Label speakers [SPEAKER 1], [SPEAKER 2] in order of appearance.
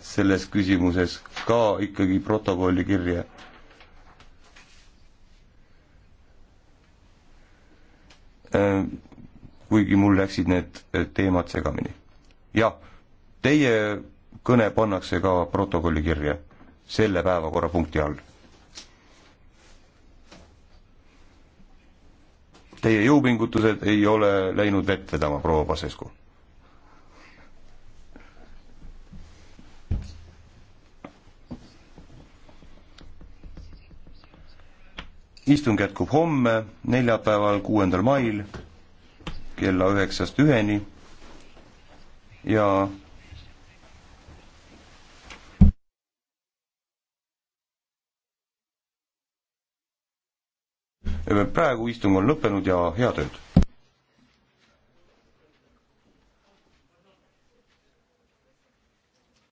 [SPEAKER 1] selles küsimuses ka ikkagi protokolli kirja. Äh, kuigi mul läksid need äh, teemad segamini. jah, teie kõne pannakse ka protokolli kirja selle päevakorrapunkti all.
[SPEAKER 2] Teie jõupingutused ei ole
[SPEAKER 1] läinud vett vedama, proua Pasescu istung jätkub homme, neljapäeval, kuuendal mail kella üheksast üheni ja praegu istung on lõppenud ja head ööd!